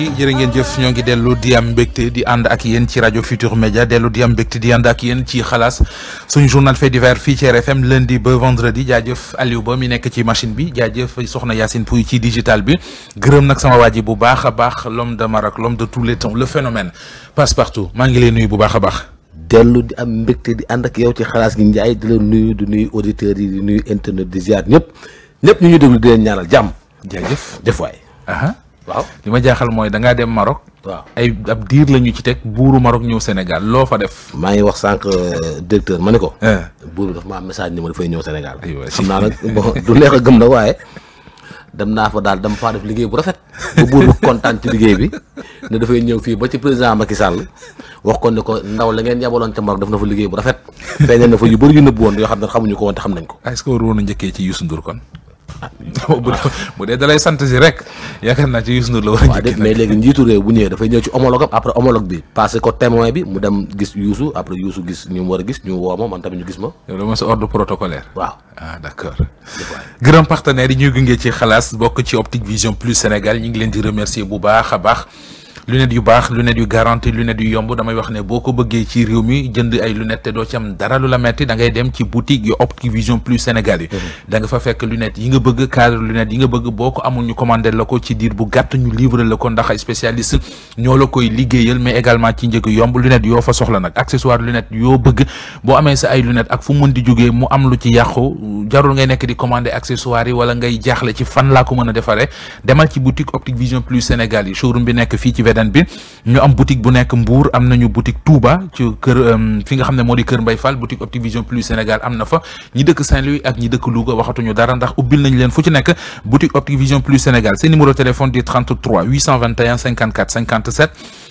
mbokk yi jërë ngeen jëf ñoo ngi dellu di am mbégte di ànd ak yéen ci rajo Futur Média dellu di am mbégte di ànd ak yéen ci xalaas suñu journal fait divers fii ci RFM di ba vendredi jaajëf Aliou Ba mi nekk ci machine bi jaajëf soxna Yacine Pouy ci digital bi gërëm nag sama waa ji bu baax a baax l'homme de Maroc l'homme de tous les temps le phénomène passe partout maa ngi lay nuyu bu baax a baax. dellu di am mbégte di ànd ak yow ci xalaas Ndiaye di la nuyu di nuyu auditeurs yi nuyu internet di ziar ñëpp ñëpp ñu ngi déglu di leen ñaanal jàmm. jaajëf jëf waay. waaw li ma jaaxal mooy da dem Maroc. waaw ay ab diir la ñu ci teg buuru Maroc ñëw Sénégal loo fa def. maa ngi wax sànq euh, directeur ma ne ko. Eh. buur bi dafa ma am message ni ma dafay ñëw Sénégal. xam naa nag bon du neex a gëm nag waaye. dem naa fa daal dem faa liggéey bu rafet ba buur bi kontaan ci liggéey bi ne dafay ñëw fii ba ci président Macky Sall wax ko ne ko ndaw la ngeen yabaloon ca Maroc def na fa liggéey bu rafet feeñal na fa yu bëri yu nëbbu woon yoo xam ne ko woon te xam nañ ko. est-ce que waroon a njëkkee ci kon. bu dee dalay sant si rek yaakaar naa ci Youssou Ndour la war léegi njiitu réew bu ñëwee dafay ñëw ci homologue am après homologue bi passé ko témoin bi mu dem gis Youssou après Youssou gis ñu mu war a gis ñu woo ma man tamit ñu gis ma yow dama sa ordre protocolaire waaw ah d'accord gërëm partenaires yi ñuy gunge ci xalaas bokk ci Optique Vision Plus Sénégal ñu ngi leen di remercier bu baax a baax lunettes yu baax lunettes yu garanti lunettes yu yomb damay wax ne boo ko bëggee ci réew mi jënd ay lunettes te doo ci am dara lu la metti da ngay dem ci boutique yu Optivision Plus Sénégal yi mhm. da nga fa fekk lunettes la ko ci diir bu gàtt ñu a Optique Vision Plus Sénégal yi showroom bi nekk fii ci Eden bi ñu am boutique bu nekk Mbour am nañu boutique Touba euh, fi nga xam ne moo kër Mbay Fall boutique Optivision Plus Sénégal am na fa ñi dëkk Saint-Louis ak ñi dëkk Louga waxatuñu dara ndax ubbil nañ leen fu ci nekk boutique Optivision Plus Sénégal seen numéro téléphone di 33 821 54 57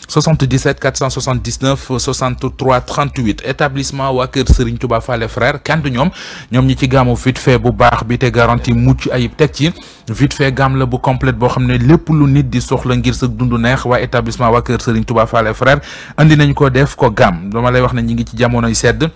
77 479 63 38 établissement waa kër Serigne Touba Fallé frère kant ñoom ñoom ñi ci gaamu vite fait bu baax bi te garantie mucc ayib teg ci vite fait gaam la bu complète boo xam ne lépp lu nit di soxla ngir sa dund neex waa établissement wa kër Serigne Touba Fallé frère andi nañ ko def ko gaam dama lay wax ne ñi ngi ci jamonoy sedd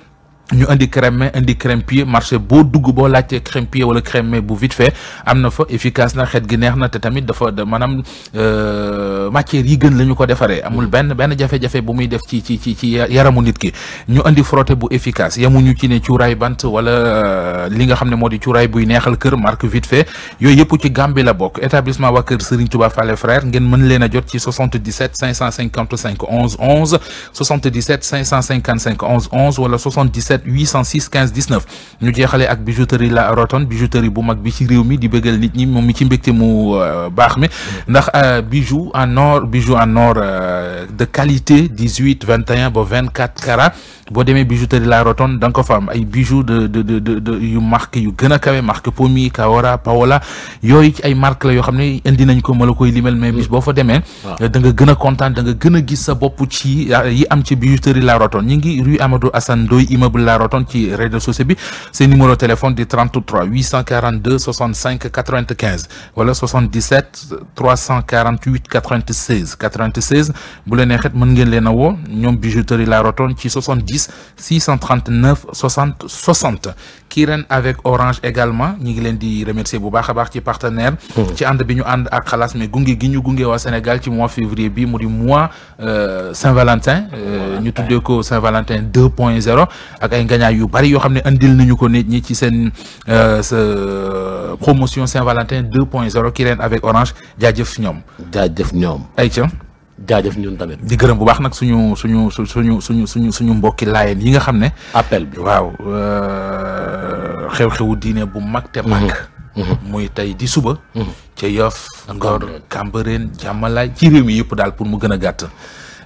ñu indi crème indi crème-pied marché boo dugg boo laajtee crème-pied wala crème bu vite fait am na fa efficace na xeet gi neex na te tamit dafa maanaam euh, matière yi gën la ñu ko defaree amul benn benn jafe-jafe bu muy def ci ci ci ci yaramu nit ki ñu indi frotté bu efficace ñu ci ne cuuraay bant wala euh, li nga xam ne moo di cuuraay buy neexal kër marque vite fait yooyu yëpp ci gambi a bokk établissement waa kër Serigne Touba Fallé frère ngeen mën leen a jot ci 77 555 11 11 77 555 11 11 wala 77 77 806 15 19 ñu jeexalee ak bijouterie la Roton bijouterie bu mag bi ci réew mi di bëggal nit ñi moom mi ci mbégte mu euh, baax mi ndax euh, bijou en or bijou en or euh, de qualité 18 21 ba 24 carats boo demee bijouterie la Roton da nga ko fa am ay bijoux de de de yu marque yu gën a kawe marque Pomi Kawora Paola yooyu ci ay marque la yoo xam ne indi nañ ko ma la koy limal mais bis mm. boo fa demee da nga kontaan da nga gën a gis sa bopp ci yi am ci bijouterie la Roton ñi ngi rue Amadou loolu laa rotoon ci réseaux sociaux bi seen numéro téléphone di 33 842 65 95 wala 77 348 96 96 bu leen neexee mën ngeen leen a woo ñoom bijouterie laa rotoon ci 70 639 60 60 Kiren avec Orange également ñu ngi leen di remercier bu baax a baax ci partenaire hmm. ci ànd bi ñu ànd ak xalaas mais gunge gi ñu gunge waa Sénégal ci mois février bi mu di mois euh, Saint-Valentin euh, ñu tuddee ko Saint-Valentin 2.0 ak ak ay yu bari yoo xam ne andil nañu ko nit ñi ci seen euh, sa promotion Saint-Valentin 2 point 0 qui ren avec Orange jaajëf ñoom. jaajëf ñoom. ayca. jaajëf ñun tamit. di gërëm bu baax nag suñu suñu suñu suñu suñu suñu mbokki laayeen yi nga xam ne. appel bi waaw euh, xew-xewu diine bu mag te mag. Mhm. Mhm. muy tey di suba. Mhm. ca Yoff. Ngor Cambérène Diamalaye ci réew mi yëpp daal pour mu gën a gàtt.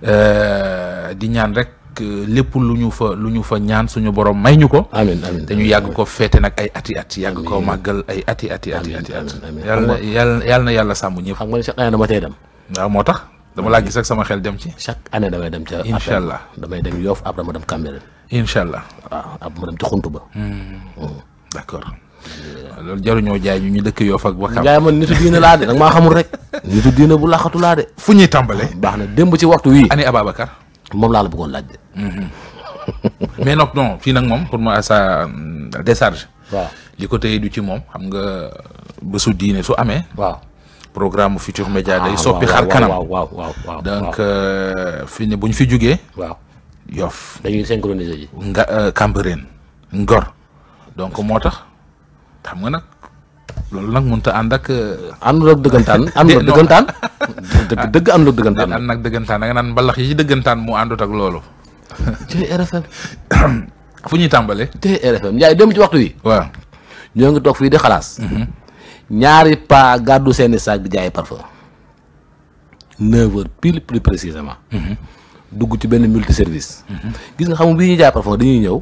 Euh, di ñaan rek. lépp lu ñu fa lu ñu ñaan suñu borom may ñu ko. amiin amiin te ñu yàgg ko féete nag ay ati ati yàgg ko màggal ay ati ati ati ati at yàlla na yàlla na yàlla dem. waaw moo tax dama laa mm. gis rek sama xel dem ci. chaque ca. incha allah damay dem après ma dem Cambérène. incha allah waaw après ma dem ci xuntu ba. Mm. Mm. d' accord. loolu jaruñoo jaay ñu ñu dëkk yoo fag ba. jaay man nitu diina laa de nag maa xamul rek. nitu diina bu laxatu laa de. fu ñuy tàmbalee. baax na démb ci waxtu wii. ani Ababacar. moom laa la bëggoon laaj de. Mm-hmm. mais nag non fii nag moom pour ma sa euh, décharge. waaw li ko téye ci moom xam nga bésu diine su amee. waaw programme Futurs Médias ah, day soppi xar kanam waaw waaw donc euh, fi ne bu fi jugee. waaw Yoff. dañuy synchroniser ji. nga euh, Ngor donc moo tax xam nga nag. loolu nag mënut a ànd ak. Euh, àndul ak dëggantaan am ak dëggantaan. ak dëggantaan. ànd dëggantaan da naan mbalax yi ci dëggantaan mu àndut ak loolu. tey RFM. fu ñuy tàmbalee. tey RFM Ndiaye dem ci waxtu wi. ñoo ngi toog fii di xalaas. Mm-hmm. ñaari pa gàddu seeni saag di jaay parfum. neuf heures pile plus précisément. Mm-hmm. dugg ci benn multi service. Mm-hmm. gis nga xam bii ñuy jaay parfum dañuy ñëw.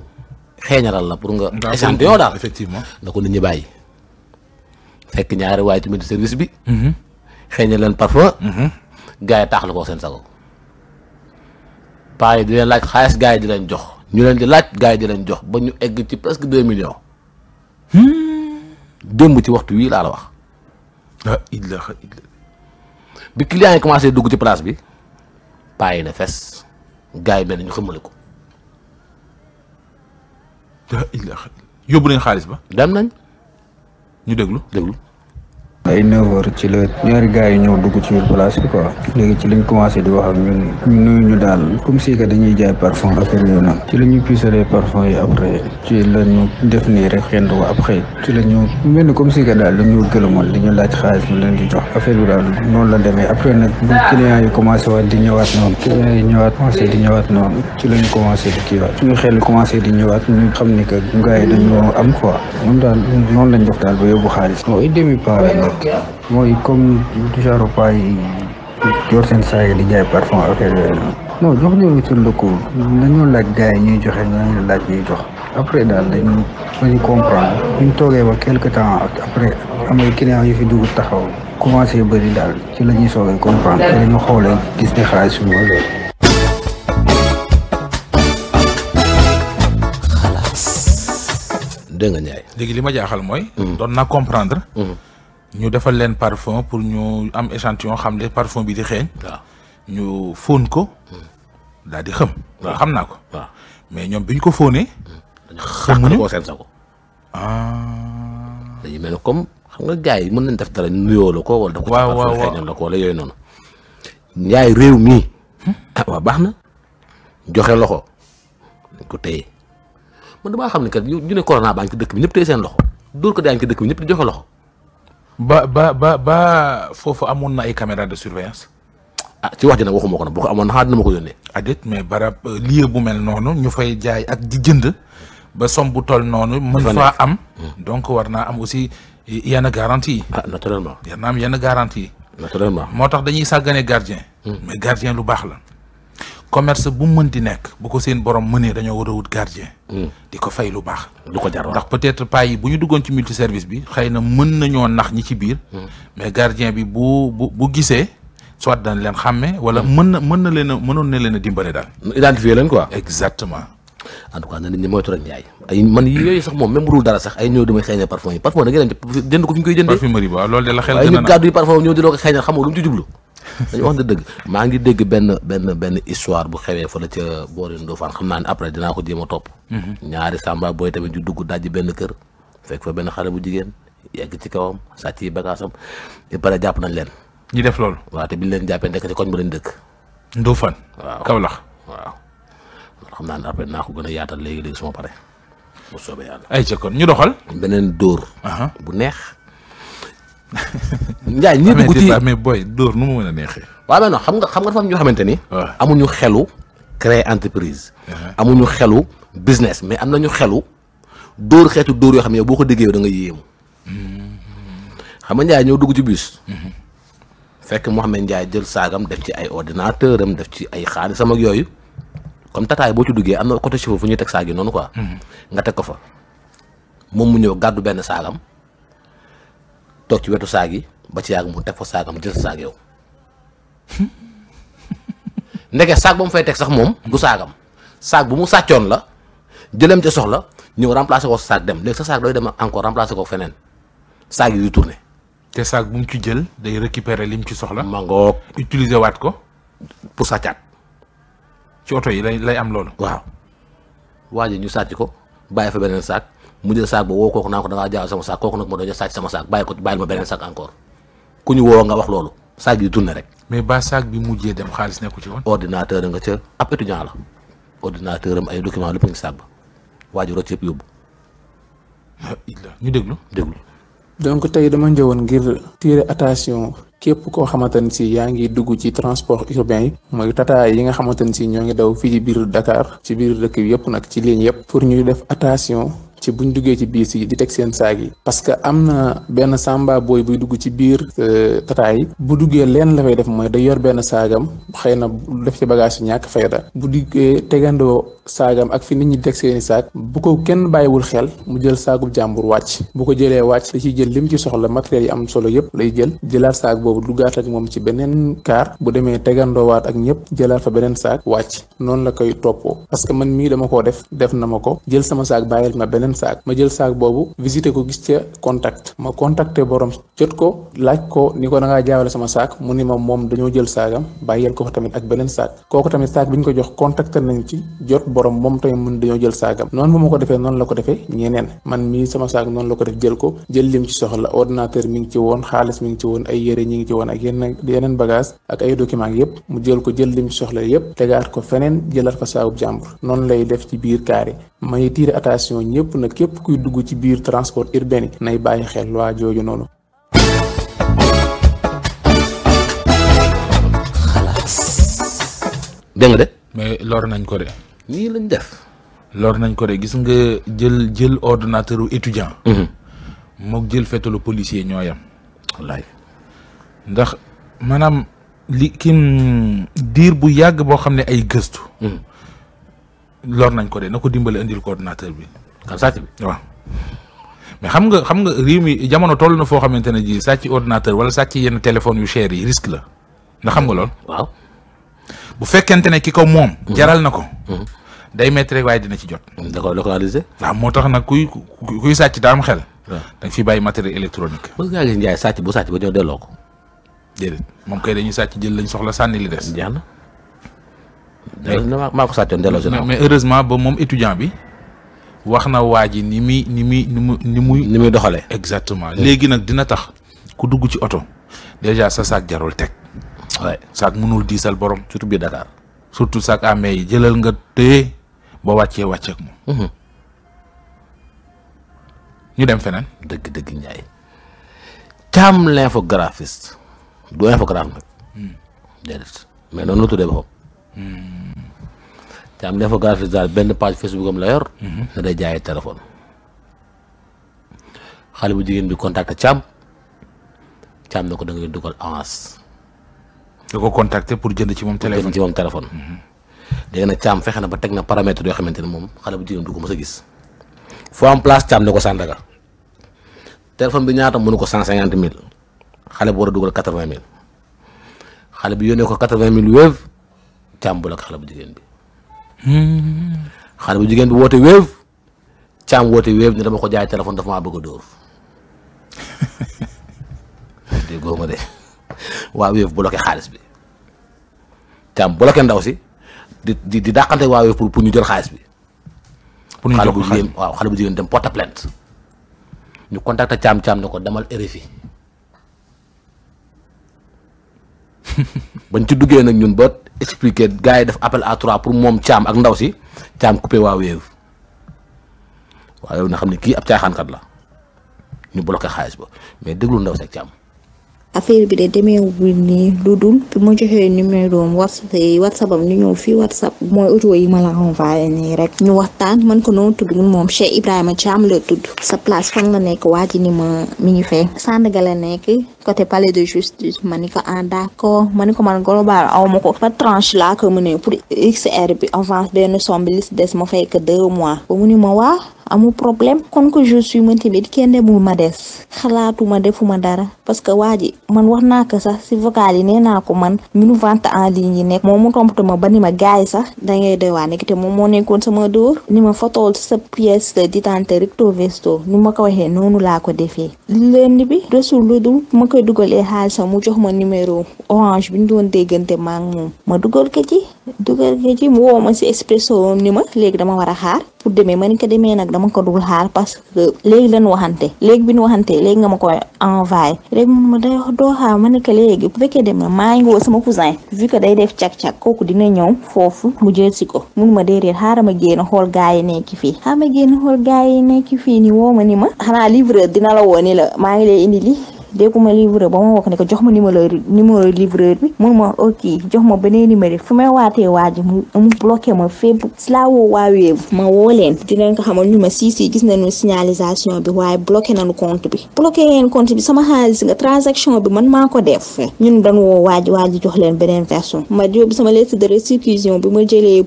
xeeñaral la pour nga. échantillon daal effectivement na ko nit bàyyi. fekk ñaari waaye tamit service bi. Mhm. xëy na leen parfois. Mhm. gars yi taaxlu ko seen sago. paa yi di leen laaj xaalis gars yi di leen jox. ñu leen di laaj gars yi di leen jox ba ñu egg ci presque deux millions. Hmm. démb ci waxtu wii laa la wax. ah illah illah. bi client yi commencé dugg ci place bi. paa yi ne fes. gars yi mel ni ñu xamale ko. ah yóbbu nañ xaalis ba. dem nañ. ñu déglu déglu. ay 9 heures ci la ñaari gars commencé di wax ak ñun ñu nuyu ñu daal la ñuy puisalee parfum yi après ci la ñu def nii rek xëy la ñu mel ni comme si que ñu laaj xaalis ñu leen di jox affaire bi daal noonu la demee après nag bu clients yi commencé waat di ñëwaat noonu ci la ñu commencé di kiiwaat suñu xel commencé di ñëwaat ñu xam ni que gars yi dañoo am quoi moom daal noonu daal ba yóbbu xaalis mooy comme genre paille yor seen saa yi di jaay parfum affaire yooyu noonu. non jox ñu sur le coup nañu laaj gars yi ñuy joxe nañu laaj ñuy jox après daal dañu dañu comprendre buñ toogee ba quelque temps après amay client yu fi dugg taxaw commencé bari daal ci la ñuy soogee comprendre te dañu xoolee gis ne xaalis suñu wala. dégg nga Ndiaye. léegi li ma jaaxal mooy. Hmm. doon naa comprendre. Hmm. ñu defal leen parfum pour ñu am échantillon xam ne parfum bi di xeeñ. ñu fóon ko. Hmm. daal di xëm. xam naa ko. mais ñoom bi ñu ko fóonee. Hmm. xamuñu ko seen sago. Ah. dañu mel ne comme xam nga gars yi mën nañ def dara nuyoo la ko wala. da ko ci xeeñal la ko wala yooyu noonu. njaay réew mii. Hmm? ah waaw baax na. joxe loxo dañ ko téye man damaa xam ne kat ñu ne corona dëkk bi ñëpp téye seen loxo dóor ko daa ngi ci dëkk bi ñëpp di joxe loxo. ba ba ba ba foofu amoon na ay caméra de surveillance. ah ci wax ji nag waxuma ko nag boo ko amoon xaar dina ma ko yónnee. adit ah, mais barab euh, lieu bu mel noonu ñu fay jaay ak di jënd ba som bu toll noonu. mën faa am. Hmm. donc war naa am aussi yenn garantie yi. ah naturellement. war am yenn garantie moo tax dañuy sàggane gardien. Hmm. mais gardien lu baax la. commerce bu mu mënti nekk bu ko seen borom mënee dañoo war a wut gardien. Hmm. di ko fay lu baax. du ko jar ndax peut-être paa yi bu ñu duggoon ci multi service bi xëy na mën nañoo nax ñi ci biir. Hmm. mais gardien bi bu bu bu gisee. soit dañ leen xàmme wala hmm. mën na leen a mënoon na leen a dimbale daal. identifier leen quoi. exactement. en na nit ñi moytu rek njaay ay man yooyu sax moom même bu dul dara sax ay ñëw damay xeeñal parfum yi parfum da ngeen jënd ko fi ñu koy jëndee. parfumerie ba a na waaye ñu dañu wax dëgg maa ngi dégg benn benn benn histoire bu xewee fa la ca boori Ndofane xam naa ne après dinaa ko jéem a topp. Mhm. ñaari samba tamit ju dugg dajji benn kër fekk fa benn xale bu jigéen yegg ci kawam sàcc yi bagaasam ba pare jàpp nañ leen. ñi def loolu. waaw te biñ leen jàppee nekk ci koñ bu leen dëkk. Ndofane. waaw Kaolack waaw. xam naa ne après naa ko gën a léegi léegi su ma paree bu soobee yàlla. ay ñu doxal. beneen dóor. bu neex. Ndiaye ñi dugg ci mais boy dóor mu mën a neexee. waaw mais non xam nga xam nga dafa ñoo xamante ni. amuñu xelu créer entreprise. Uh-huh. amuñu xelu business mais am nañu xelu dóor xeetu dóor yoo xam ne boo ko déggee da yéemu. Mm-hmm. xam nga Ndiaye ñëw dugg ci bus. Mm-hmm. fekk Mouhamed Ndiaye jël saagam def ci ay ordinateur am def ci ay xaalisam sama yooyu comme tataay boo ci duggee am na côté chauffeur fu ñuy teg saag noonu ko mm-hmm. nga teg ko fa moom mu ñëw gàddu benn saagam. toog ci wetu saag yi ba ci yàgg mu teg fa saagam jël saag yow ndeke saag ba mu fay teg sax moom du saagam saag bu mu sàccoon la jëlem ca soxla ñëw remplacer ko sa dem léegi sa saag doy dem encore remplacer ko feneen saag yi du tourné. te saag bu mu ci jël day récupérer lim ci soxla. mangoog utiliser waat ko pour sàccaat. ci oto yi lay lay am loolu. waaw waa ji ñu sàcc ko bàyyi fa beneen saag. mu jël saak ba woo kooku naa ko da ngaa sama saak kooku nag ma doon sàcc sama saak bàyyi ko bàyyil ma beneen saak encore ku ñu woo nga wax loolu saak du tourné rek. mais ba saak bi mujjee dem xaalis nekku ci woon. ordinateur nga ca ab étudiant la ordinateur am ay document lépp ngi saak ba waa ji rocc yëpp ñu déglu déglu. donc tey dama ñëwoon ngir tirer attention képp koo xamante ne si yaa ngi dugg ci transport urbain yi mooy tata yi nga xamante ne si ñoo ngi daw fii ci biir dakaar ci biir dëkk bi yëpp nag ci ligne yëpp pour ñuy def attention. bu buñ duggee ci biir yi di teg seen saag yi parce que am na benn sàmba booy buy dugg ci biir euh, tata yi bu duggee leen la fay def mooy da yor benn saagam xëy na def ci bagage yu ñàkk fayda bu duggee tegandoo saagam ak fi nit ñi di teg seeni saag bu ko kenn bàyyiwul xel mu jël saagub jàmbur wàcc bu ko jëlee wàcc da ciy jël lim ci soxla matériel yi am solo yépp lay jël jëlaat saag boobu duggaat ak moom ci beneen kaar bu demee tegandoowaat ak ñëpp jëlaat fa beneen saag wàcc noonu la koy toppoo parce que man mii dama koo def def na ma ko jël sama saag bàyyil ma beneen saak ma jël saag boobu visité ko gis ca contact ma contacté borom jot ko laaj ko ni ko da ngaa jaawale sama saak mu ni ma moom dañoo jël saagam bàyyil ko fa tamit ak beneen saak kooku tamit saak bi ñu ko jox contacté nañ ci jot borom moom tamit mun dañoo jël saagam noonu ma ko defee noonu la ko defee ñeneen man mii sama saak noonu la ko def jël ko jël lim ci soxla ordinateur mi ngi ci woon xaalis mi ngi ci woon ay yére ñi ngi ci woon ak yenn yeneen bagage ak ay document yëpp mu jël ko jël lim ci soxla yëpp tegaat ko feneen jëlaat fa saakub jàmbur noonu lay def ci biir kaar may tiire attention ñëpp nag képp kuy dugg ci biir transport urbain yi nay bàyyi xel waa jooju noonu. xalaas. dégg de. mais lor nañ ko de. nii lañ def. lor nañ ko de gis nga jël jël ordinateur u étudiant. Mhm. mook jël fetalu policier ñoo wallaay ndax maanaam li kim diir bu yàgg boo xam ne ay gëstu. Mhm. lor nañ ko de na ko dimbale indil coordonnateur bi. xam sàcc bi waaw. mais xam nga xam nga réew mi jamono toll na foo xamante ne ji sàcc ordinateur wala sàcc yenn téléphone yu cher yi risque la nga xam nga lool. bu fekkente ne ki ko moom. Mhm. jaral na ko. Mhm. day métti waaye dina ci jot. da koy localiser. moo tax nag kuy kuy sàcc daa am xel. waaw da fiy bàyyi matériel électronique. mos ngaa gis Ndiaye sàcc bu sàcc ba ñëw delloo ko. déedéet moom kay dañuy sàcc jël lañ soxla sànni li des. maa ko sàccoon delloo si mais heureusement ba moom étudiant bi wax na waa ji ni muy ni muy ni mu ni muy ni muy doxalee exactement hmm. léegi nag dina tax ku dugg ci oto déjà sa saak jarul teg waay sac mënul diisal boroom surtout biir Dakar surtout sac amee yi jëlal nga téye ba wàccee wàcceek moom hmm. ñu dem feneen dëgg dëgg njaay caam l'infographiste du infographe nag hmm. déedéet mais noonu la tuddee boppam te am dafa graphiste daal benn page Facebook la mhm. day jaayee téléphone. xale bu jigéen bi contacté Thiam Thiam na ko da ngay dugal avance. da ko contacté pour jënd ci moom téléphone ci moom téléphone. Mhm. léegi fexe na ba teg na paramètre yoo xamante ne moom xale bu jigéen du ko mës a gis. foo am place Thiam ne ko Sandaga téléphone bi ñaata mënu ko cent cinquante mille xale bu war a dugal quatre vingt mille xale bi yónnee ko quatre vingt mille càmbul ak xale bu jigéen bi. xale bu jigéen bi woote Wave càmm woote Wave ne dama ko jaay téléphone dafa maa bëgg a dóor. déggoo ma de waa Wave bloqué xaalis bi càmm bloqué ndaw si di di di dàqante waa Wave pour pour ñu jël xaalis bi. pour ñu jël xaalis bi xale bu jigéen waaw xale bu jigéen ñu contacté caam caam ne ko demal RFI bañ ci duggee nag ñun ba expliqué gars yi def appel à trois pour moom caam ak ndaw si caam coupé waa Wave waaye yow na xam ne kii ab caaxaankat la ñu bloqué xaalis ba mais déglu ndaw si ak caam. affaire bi de demeewul nii lu dul bi ma joxee numéro am whatsapp am ni ñëw fii whatsapp mooy audio yi ma la envoyé nii rek ñu waxtaan man ko noonu tudd mun moom Cheikh Ibrahima Thiam la tudd sa place fan la nekk waa ji ni ma mi ngi fee Sandaga la nekk côté palais de justice ma ni ko ah d'accord ma ni ko man global aw ma ko par tranche laa ko mu ne pour XR bi avance benn somme bi li des ma fay que deux mois ba mu ni ma waa amul problème kon que je suis man tamit kenne demul ma des xalaatuma defuma dara parce que waa ji man wax naa ko sax si vocal yi nee naa ko man minu vente en ligne yi nekk moom mu tontu ma ba ni ma gaay sax dangay doy waa nekk te moom moo nekkoon sama dóor ni ma fotool sa pièce d'identité recto verso nu ma ko waxee noonu laa ko defee lënd bi desul lu dul ma koy dugalee xaalis mu jox ma numéro orange bi ñu doon déggante ma moom ma dugal ko ci dugal ko ci ma si expresso woon ni ma léegi dama war xaar pour demee ma ni ko demee nag dama ko dul xaar parce que léegi lañ waxante léegi bi ñu waxante léegi nga ma koy envoyé léegi mun ma day doo xaar ma ni ko léegi bu fekkee dem na maa ngi woo sama cousin vu que day def cag-cag kooku dina ñëw foofu mu jël si ko mun ma déedéet xaaral ma génn xool gars yi nekk fii xaaral ma génn xool gars fii ni woo ma ni ma xanaa livreur dina la woo ni la maa ngi lay indi li dégguma livreur ba ma wax ne ko jox ma numéro numéro livreur bi mun ma jox ma beneen numéro fu may waatee waa ji mu ma Facebook laa woo waa ma woo leen di leen ko xamal ñu ma sii sii gis nañu signalisation bi waaye bloqué nañu compte bi bloqué yeen compte sama xaalis nga transaction bi man maa ko def ñun dañ woo waa ji jox leen beneen version ma yóbbu sama lettre de récusation bi ma jëlee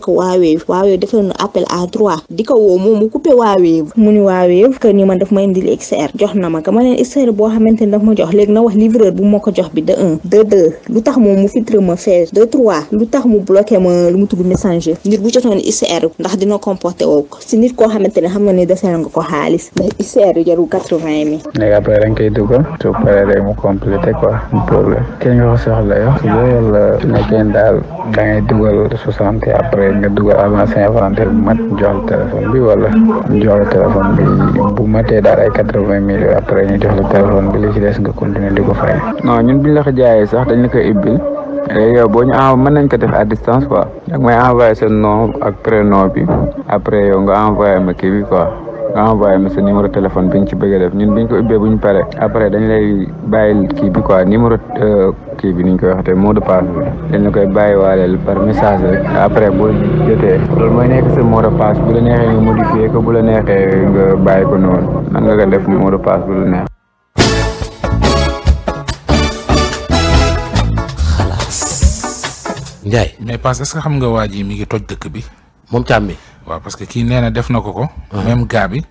ko waa Wave waa Wave defal à droit di ko woo moom mu coupé waa Wave mu ñu waa ma indil XR jox na ma ka ma leen XR boo xam xamante ni daf ma jox léegi na wax livreur bu ma ko jox bi de un de deux lu tax moom mu filtre ma fee de trois lu tax mu bloqué ma lu mu tudd messenger nit bu jotoon ICR ndax nga ko xaalis ndax ICR jarul quatre vingt mille. léegi après da nga koy dugal su paree rek mu complété quoi mu problème kenn nga ko soxla yow su loolu la nekkee da ngay dugal soixante après nga dugal bu mat jox la téléphone bi wala jox la téléphone bi bu matee daal ay quatre vingt mille après ñu jox la téléphone bi li ci des nga continuer di ko fay. non ñun buñ la ko jaayee sax dañ la koy ibbil léegi yow boo en mën nañ ko def à distance quoi da may envoyé sa nom ak prénom bi après yow nga ma kii bi quoi nga envoyé ma numéro téléphone bi ñu ci bëgg a def ñun biñ ko ubbee bu ñu après dañ bàyyi kii bi quoi numéro euh, kii bi ni koy waxatee mot de passe bi koy bàyyi waaleel par message après boo jotee loolu mooy nekk sa mot de passe bu neexee nga modifié ko bu a neexee nga bàyyi ko noonu nan nga ko def mot de passe bu la neex Ndiaye mais parce que est xam nga waa ji mi ngi toj dëkk bi. moom càmm mi. waaw parce que kii nee na def na ko ko. Uh-huh. même gars bi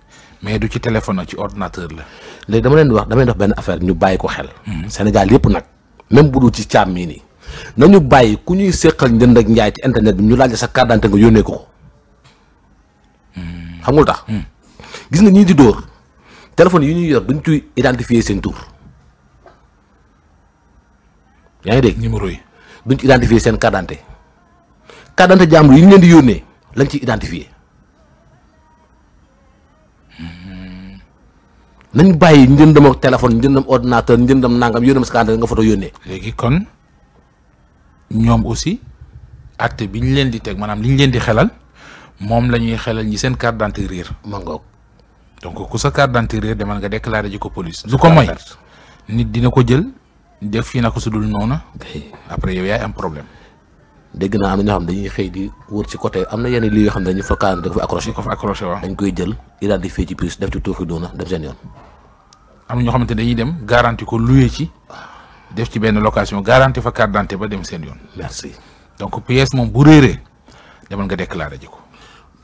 mais du ci téléphone ci ordinateur la. léegi dama leen di wax damay leen benn affaire ñu bàyyi ko xel. Mm-hmm. Sénégal yëpp nag même bu dul ci càmm yi nii nañu bàyyi ku ñuy séqal njënd ak njaay ci internet bi ñu laaj sa carte nga yónnee ko ko. xam nga lu tax. Mm-hmm. gis nga ñii di dóor téléphone yi ñuy yor duñ ciy identifier seen tour yaa ngi dégg numéro yi. duñ ci identifier seen carte d'identité carte d'identité yi ñu leen di yónnee lañ ci identifier nañ bàyyi dem ak téléphone njëndam ordinateur njëndam nangam yónnam sa carte d'identité nga foto yónnee. léegi kon ñoom aussi acte bi ñu leen di teg maanaam li ñu leen di xelal moom la ñuy xelal ñi seen carte d'identité réer. mangoog donc ku sa carte d'identité réer demal nga déclarer ji ko police. du ko moy nit dina ko jël. def fi naka su dul noonu. après yow yaay am problème. dégg naa am na ñoo xam dañuy xëy di wër ci côté am na yenn lii yoo xam ne dañu fa kaan dañ ko fa accroché. ko fa accroché tuuxi doona dem seen yoon. am na ñoo xamante dañuy dem garanti ko loué ci. def ci benn location garanti fa carte d'identité ba dem seen yoon. merci donc pièce moom bu réeree demal nga déclaré ji ko.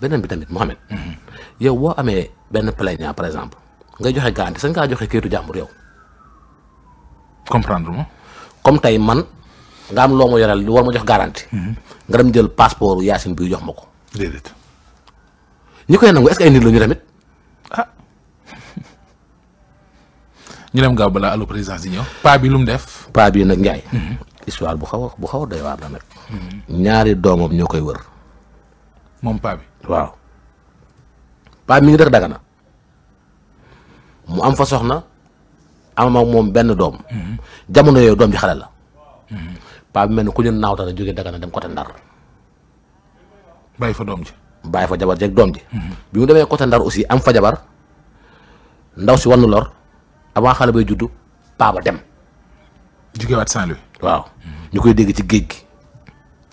beneen bi tamit Mohamed. Mhm. yow boo amee benn plaignant par exemple. nga joxe garanti sañ ngaa joxe kayitu jàmbur yow. comprendre ma. comme tey man nga am loo ma yoral lu war ma jox garanti. Mhm. nga dem jël passeport Yacine bi jox ma ko. déedéet. ñi koy nangu est ce que ay nit la ñu tamit ah. ñu dem gaaw balaa allo président si ñëw paa bi lu def. paa bi nag Ndiaye. Mhm. histoire bu xaw bu xaw a doy waar la nag. Mhm. ñaari doomam ñoo koy wër. moom paa bi. waaw paa mi ngi dëkk Dagana mu am fa soxna. am ak moom benn doom. jamono yooyu doom ji xale la. paa bi mel ni ku ñu naawta la jógee Dagana dem côté Ndar. bàyyi fa doom ji. bàyyi fa jabar jeeg doom ji. bi mu demee côté Ndar aussi am fa jabar ndaw si wàllu lor avant xale bay juddu paa ba dem. jógewaat Saint-Louis. waaw ñu koy dégg ci géej gi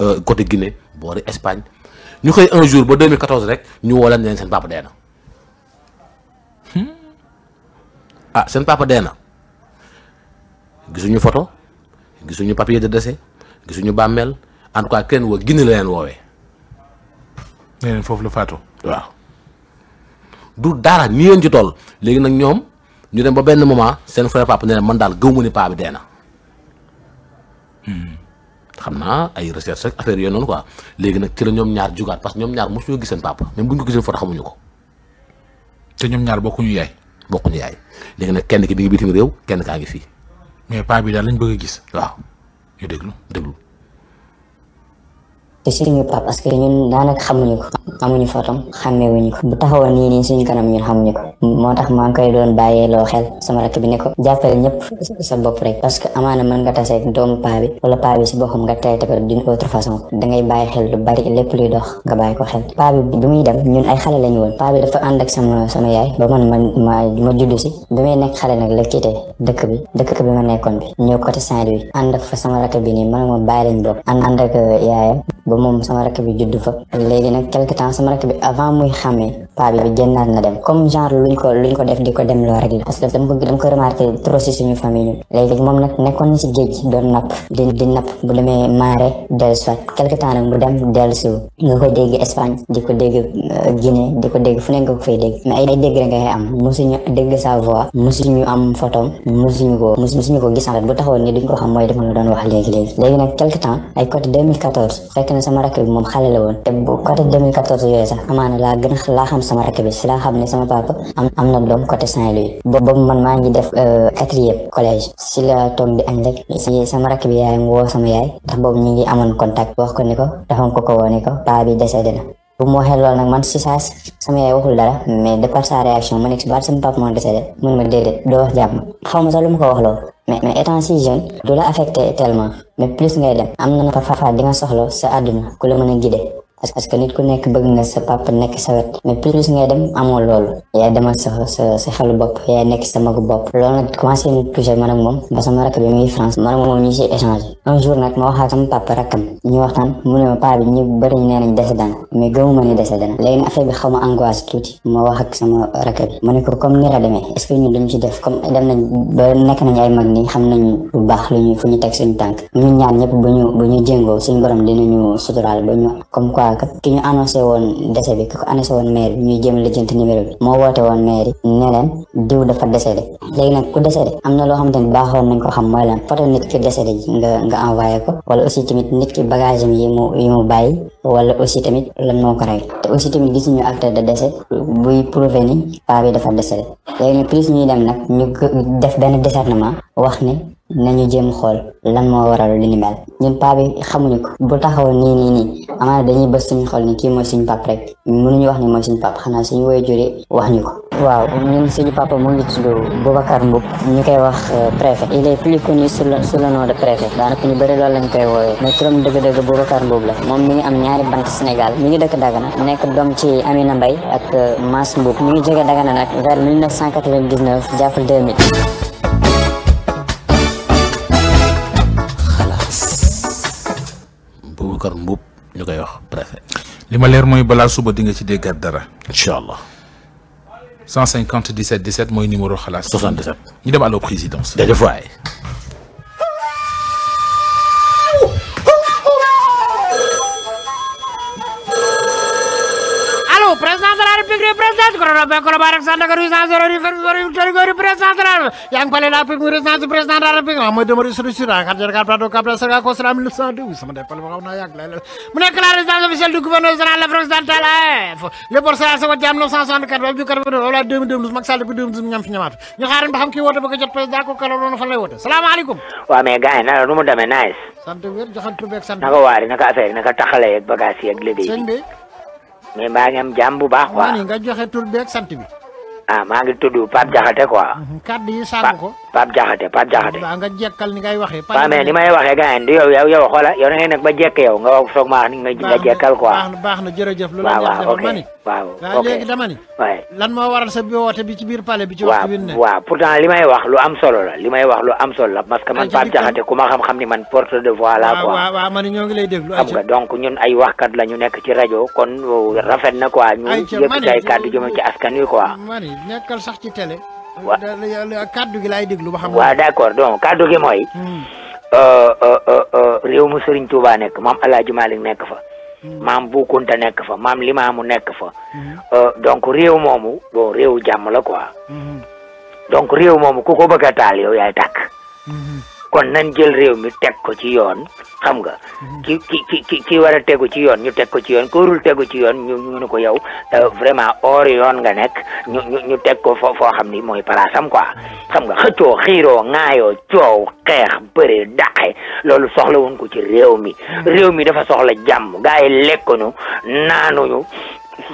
euh, côté Guinée boori Espagne ñu koy un jour ba 2014 rek ñu woo leen seen papa dee na. Hmm. ah seen papa dee na. gisuñu photo gisuñu papier de décès gisuñu bàmmeel en tout cas kenn woo Guinée la leen woowee. nee foofu la faatoo. waa du dara nii leen ci tool léegi nag ñoom ñu dem ba benn moment seen frère papa ne man daal gëw ma ni paa dee na. Hmm. xam naa ay recherche ak affaire yooyu noonu quoi léegi nag ci la ñoom ñaar jugaat parce que ñoom ñaar mosuñu gis seen papa même ñu ko gisee photo xamuñu ko. te ñoom ñaar bokkuñu yaay. bokkuñu léegi nag kenn ki bi ngi bitim réew kenn kaa ngi fi mais paa bi daal lañ bëgg a gis waaw ñu déglu déglu. te suñu pap parce que ñun daanaka xamuñu ko amuñu fotom xàmmeewuñu ko bu taxawoon nii nii suñu kanam ñun ko moo tax maa ngi koy doon bàyyee loo xel sama rakk bi ne ko jàppale ñëpp sa bopp rek que amaana mën nga tase doomu paa bi wala paa bi si boppam nga traité ko d'une autre façon dangay bàyyi xel lu bari lépp luy dox nga bàyyi ko xel paa bi bi muy dem ñun ay xale lañu woon paa bi dafa ànd ak sama sama yaay ba man ma juddu si bi may nekk xale nag la dëkk bi dëkk bi ma nekkoon bi ñëw côté Saint-Louis ànd fa sama rakk bi nii man ma bàyyi lañ bokk ànd ak yaayam ba moom sama rakk bi judd fa léegi nag quelque temps sama rakk bi avant muy xàmmee paa bi dem comme genre luñ ko def di ko dem loo rek la dem nga ko dégg Espagne di ko dégg euh, Guinée di ko dégg fu nekk nga dégg mais ay dégg rek ngay am musuñu dégg sa voix musuñu am photom musuñu ko musuñu ko gis en fait bu taxoon ni duñ ko xam mooy dama la doon wax léegi léegi léegi nag quelque temps ay côté 2014 tamit sama rakk bi moom xale la woon te bu côté yooyu sax amaana laa gën a laa xam sama rakk bi si laa xam ne sama papa am am na doom côté Saint-Louis boobu man maa ngi def quatrième collège si la toog di añ rek si sama rakk bi yaayam woo sama yaay ndax boobu ñu ngi amoon contact wax ko ni ko dafa ko ko woo ni ko paa bi na bu mu waxee loolu nag man si saa sama yaay waxul dara mais de par sa réaction ma nekk si baat sama papa moo décédé ma déedéet doo wax jàmm ma sax lu mu mais mais étant si jeune du la affecté tellement mais plus ngay dem am na fa fafa di nga soxla sa àdduna ku la mën a guider parce que nit ku nekk bëgg nga sa papa nekk sa wet mais plus ngay dem amoo loolu yaay demal sa sa sa xelu bopp yaay nekk sa magu bopp loolu nag commencé ñu touché man ak moom ba sama rakk bi muy France man ak moom ñu si échangé un jour nag ma waxaat sama papa rakkam ñu waxtaan mu ne ma paa bi ñu bëri ñu nee nañ dese dana mais gëmuma ni dese dana léegi nag affaire bi xaw ma angoisse tuuti ma wax ak sama rakk bi ma ne ko comme ni la demee est ce que ñu duñ ci def comme dem nañ ba nekk nañ ay mag nii xam nañ bu baax lu ñu fu ñu teg suñu tànk ñun ñaan ñëpp bu ñu bu ñu jéngoo suñu borom dinañu suturaal ba ñu comme quoi voilà kat ki ñu annoncé woon décès bi ki ko annoncé woon maire bi ñuy jéem lijjanti numéro bi moo woote woon maire yi ne leen diw dafa décédé léegi nag ku décédé am na loo xamante ni baaxoon nañ ko xam mooy lan photo nit ki décédé ji nga envoyé ko wala aussi tamit nit ki bagage yi mu yi mu aussi tamit lan moo te aussi tamit gis ñu acte de décès buy prouvé ni paa bi dafa décédé léegi nag plus ñuy nag def benn discernement wax ni nañu jéem xool lan moo waral li ni mel ñun paa xamuñu ko bu taxaw nii nii nii amaana dañuy bës suñu xol ni kii mooy suñu pap rek mënuñu wax ni mooy suñu pap xanaa ñu woy jure wax ñu ko waaw ñun suñu papa mu ngi tudd Boubacar Mboup ñu koy wax euh, préfet il est plus connu sous le sous le nom de préfet daanaka ñu bëri loolu lañ koy wooyee mais turam la moom mi ngi ñaari bant Sénégal mi ngi dëkk Dagana nekk doom ci na Mbaye ak euh, Mass Mboup mi ngi jógee Dagana nag vers 1999 jàpp 2000 Boubacar Mbuub koy wax li ma leer mooy balaa suba di nga ci déggaat dara. incha allah. 150 17 17 mooy numéro xalaat. 77 ñu dem allo présidence. jërëjëf waay. allo président de la république président. Abbé Colobane ak Sandaga résidence catégorie président général yang palais la République résidence président de la République Amadou ah, Demba Rousseau Sura Khadija Plateau Cap Sénégal consulat 1912 sama dépal ma xaw naa yàgg lay mu nekk la résidence officielle du gouverneur général de l'Afrique occidentale AF le porcelain sama jàmm 964 ba ju 92 wala 2012 Macky Sall depuis 2012 ñam fi ñamaatu ñu xaaran ba xam kii woote ba ko jot président ko kala loonu fan lay woote salaamaaleykum waaw mais gars yi na nu mu demee nice sant wér joxan tur beeg sant naka waari naka affaire naka taxale yeeg bagage yeeg liggéey bi mais mbaa ñu am bu baax quoi. nga joxe tur beeg sant bi. ah maa ngi tudd Pape Diakhaté quoi. kaddu yi sànq ko. Pape Diakhaté Pape Diakhaté. waaw nga ni ngay waxee. Pape mais ni may xoola yow nekk ba jekk yow nga wax soog maa nga nga jekkal quoi. baax na baax na jërëjëf. lu la neex defal ma sa woote bi ci biir palais bi. ci waxtu bi ne waaw li may wax lu am solo la li may wax lu am solo la parce man Pape Diakhaté ku ma xam-xam ni man porte de voix la quoi. waaw waaw man ñoo ngi lay donc ñun ay waxkat la ñu nekk ci rajo kon rafet na quoi. ñu yëkkati ay kàddu jëme ci askan wi quoi. waa kaddu gi laay déglu ba xam. waaw d'accord donc kaddu gi mooy. Hmm. Euh, euh, euh, réew mu Serigne nekk maam El Hadj Malick nekk fa. Hmm. maam Bou nekk fa maam Limaamu nekk fa. Hmm. donc réew moomu bon réew jàmm la quoi. donc réew moomu ku ko bëgg a taal yaay tàkk. kon nan jël réew mi teg ko ci yoon xam nga. Mm-hmm. ki ki ki ki war a tegu ci yoon ñu teg ko ci yoon ku warul tegu ci yoon ñu ñu ne ko yow vraiment or yoon nga nekk ñu ñu teg ko foo foo xam ni mooy palaasam quoi mm-hmm. xam nga xëccoo xiiroo ŋaayoo coow xeex bëree daqe loolu soxla woon ko ci réew mi. Mm-hmm. réew mi dafa soxla jàmm gars yi lekkuñu naanuñu.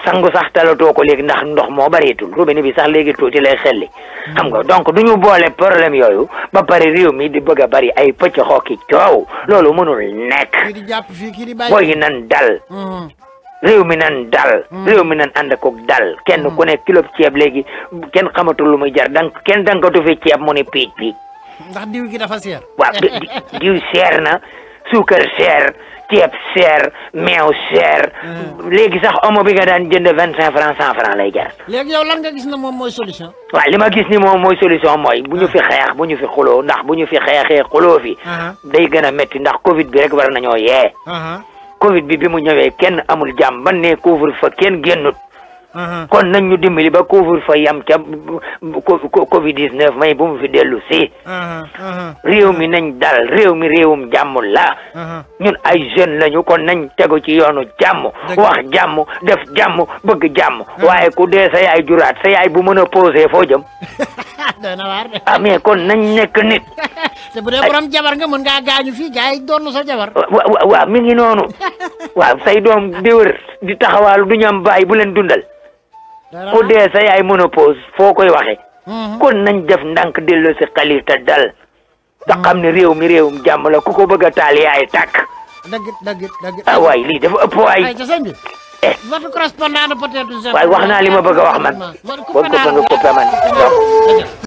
sangu sax talatoo ko léegi ndax ndox moo bareetul robinet bi sax léegi tuuti lay xelli xam nga donc du ñu boole problème yooyu ba pare réew mi di bëgg a bari ay pëcc xooki coow loolu mënul nekk booy yi nan dal mm-hmm. réew mi nan dal mm-hmm. réew mi nan ànd koog dal kenn ku mm-hmm. nekk kilo ceeb léegi kenn xamatul lu muy jar dang kenn dankatu fi ceeb mu ni piic piic ndax diw gi dafa seer waaw diw seer na suukar seer ceeb seer meew seer. Mm. léegi sax omo bi nga daan jënd vingt cinq franc cent lay jar. léegi yow lan nga gis ne moom mooy solution. waaw li ma gis ni moom mooy solution mooy bu ñu ah. fi xeex bu ñu fi xuloo ndax bu ñu fi xeexee xuloo fi. Ah. day gën a métti ndax Covid bi rek war nañoo yee. Ah. Covid bi bi mu ñëwee kenn amul jàmm ban ne couvre fa kenn génnut. Uh-huh. kon nañ ñu dimbali ba couvre fa yam ca covid 19 may bu mu fi dellu si uh-huh, uh-huh. réew mi nañ dal réew mi réewum jàmm la ñun ay jeune lañu kon nañ tegu ci yoonu jàmm wax jàmm def jàmm bëgg jàmm waaye ku dee sa yaay juraat sa yaay bu mën a posé foo jëm ah mais kon nañ nekk nit te bu dee borom jabar nga mën ngaa gaañu fii gars yi doon jabar waaw waaw mi ngi noonu waaw say doom di wër di taxawaalu du ñu am bàyyi bu leen dundal ku dee sa yaay ménopause foo koy waxee. Mhm. kon nañ def ndànk delloo si xel te dal. te xam ne réew mi réewum jàmm la ku ko bëgg a taal yaay tàkk. dëgg dëgg dëgg. ah waay lii dafa ëpp waay. ay sëñ bi. Eh. votre correspondant peut-être. waay wax naa li ma bëgg a wax man. man ko fa nga coupé man